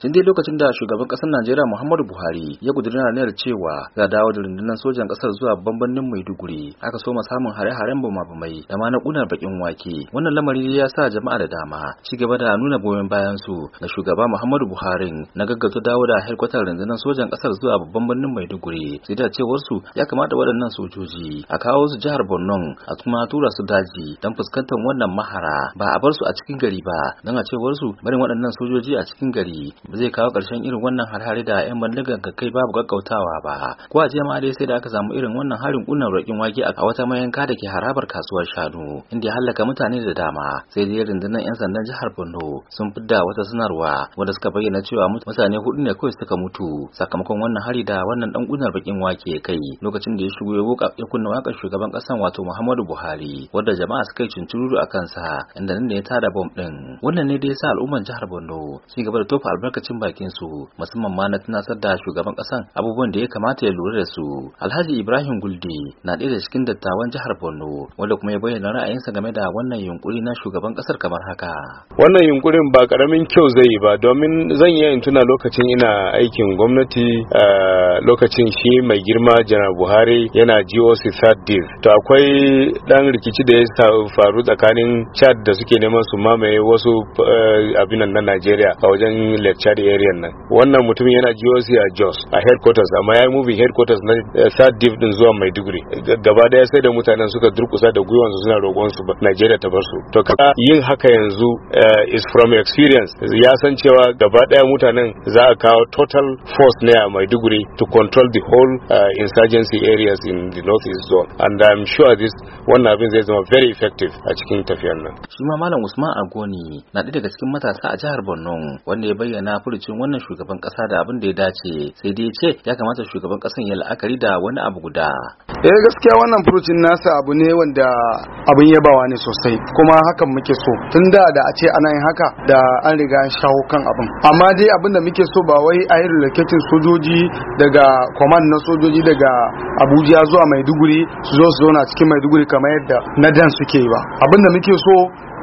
tun dai lokacin da shugaban kasar Najeriya Muhammadu Buhari ya na ranar cewa za dawo da rundunar sojan kasar zuwa bambanin Maiduguri aka so ma samun hare-haren bama da ma na kunar bakin wake wannan lamari ya sa jama'a da dama ci gaba da nuna goyon bayan su ga shugaba Muhammadu Buhari na gaggauta dawo da harkwatar rundunar sojan kasar zuwa babban birnin Maiduguri sai da cewar su ya kamata waɗannan sojoji a kawo su jihar Borno a kuma tura su daji don fuskantar wannan mahara ba a bar su a cikin gari ba don a cewar su barin waɗannan sojoji a cikin gari ba zai kawo ƙarshen irin wannan harhari da 'yan mallakar kai babu gaggautawa ba ko a jama'a dai sai da aka samu irin wannan harin kunnan rokin wake a wata mayanka da ke harabar kasuwar shanu inda ya halaka mutane da dama sai dai rundunar 'yan sandan jihar Borno sun fidda wata sanarwa wanda suka bayyana cewa mutane hudu ne kawai suka mutu sakamakon wannan hari da wannan dan kunnar bakin wake kai lokacin da ya shigo ya boka ya kunna wakar shugaban kasan wato Muhammadu Buhari wanda jama'a suka yi cinciruru a kansa inda nan ne ya tada bom din wannan ne da yasa al'umman jihar Borno sun gaba da tofa albarka albarkacin bakin su musamman ma na tunasar da shugaban kasan abubuwan da ya kamata ya lura da su alhaji ibrahim guldi na ɗaya da cikin dattawan jihar borno wanda kuma ya bayyana ra'ayinsa game da wannan yunkuri na shugaban kasar kamar haka wannan yunkurin ba karamin kyau zai yi ba domin zan yi in tuna lokacin ina aikin gwamnati lokacin shi mai girma janar buhari yana gos third div to akwai dan rikici da ya faru tsakanin chad da suke neman su mamaye wasu eh, abinan na najeriya a wajen lecture Makari area nan wannan mutum yana GOC a Jos a headquarters amma ya yi moving headquarters na South eh, Div din zuwa Maiduguri gaba daya sai da mutanen suka durkusa da gwiwansu suna roƙon su Najeriya ta bar su to yin haka yanzu eh, is from experience ya san cewa gaba daya mutanen za a kawo total force ne a Maiduguri to control the whole uh, insurgency areas in the northeast zone and I'm sure this wannan abin zai zama very effective a cikin tafiyar nan shi ma malam Usman Agoni na daga cikin matasa a jihar Borno wanda ya bayyana furucin wannan shugaban kasa da abin da ya dace sai dai ce ya kamata shugaban kasan ya la'akari da wani abu guda eh gaskiya wannan furucin nasa abu ne wanda abin yabawa ne sosai kuma hakan muke so tun da da a ce ana yin haka da an riga an shawo kan abin amma dai abin da muke so ba wai a yi rilaketin sojoji daga kwaman na sojoji daga abuja zuwa maiduguri su zo su zauna cikin maiduguri kamar yadda na dan suke yi ba abin da muke so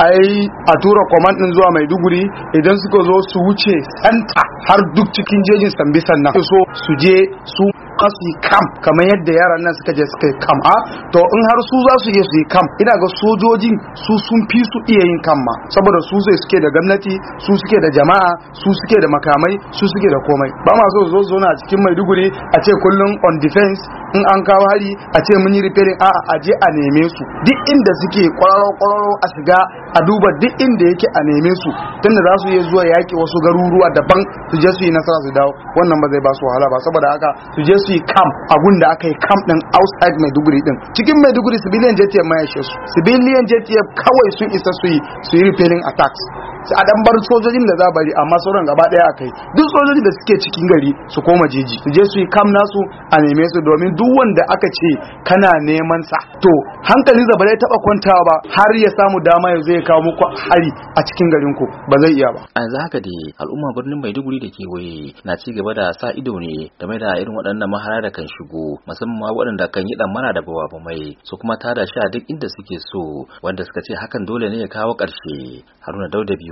ai a tura command din zuwa maiduguri idan suka zo su wuce santa har duk cikin jejin sambisan sannan. so su je su kasu kam kamar yadda yaran nan suka je suka yi kam a ah, to in har su za su je su yi kam ina ga sojojin su sun fi su iya yin kam ma saboda su sai suke da gwamnati su suke da jama'a su suke da makamai su suke da komai ba ma so zo zo na cikin maiduguri a ce kullum on defense in an kawo hari a ce mun yi repairing a'a a je a neme su duk inda suke kwararo kwararo a shiga a duba duk inda yake a neme su tunda za su iya zuwa yaƙi wasu garuruwa daban su je su yi nasara su dawo wannan ba zai ba su wahala ba saboda haka su je su yi kam a gunda aka yi kam din outside Maiduguri din cikin Maiduguri civilian JTF ma ya su civilian JTF kawai sun isa su yi su yi repairing attacks sai a dan bar sojojin da za bari amma sauran gaba daya kai duk sojojin da suke cikin gari su koma jeji su je su yi kam nasu a neme su domin duk wanda aka ce kana neman sa to hankalin ba zai taba kwantawa ba har ya samu dama ya zai kawo muku hari a cikin garin ku ba zai iya ba a yanzu haka de, al'umma birnin Maiduguri da ke waye na ci gaba da sa ido ne da game da irin waɗannan mahara da kan shigo musamman waɗanda kan yi mana da bawa mai su kuma tada shi a duk inda suke so wanda suka ce hakan dole ne ya kawo ƙarshe Haruna Dauda biyu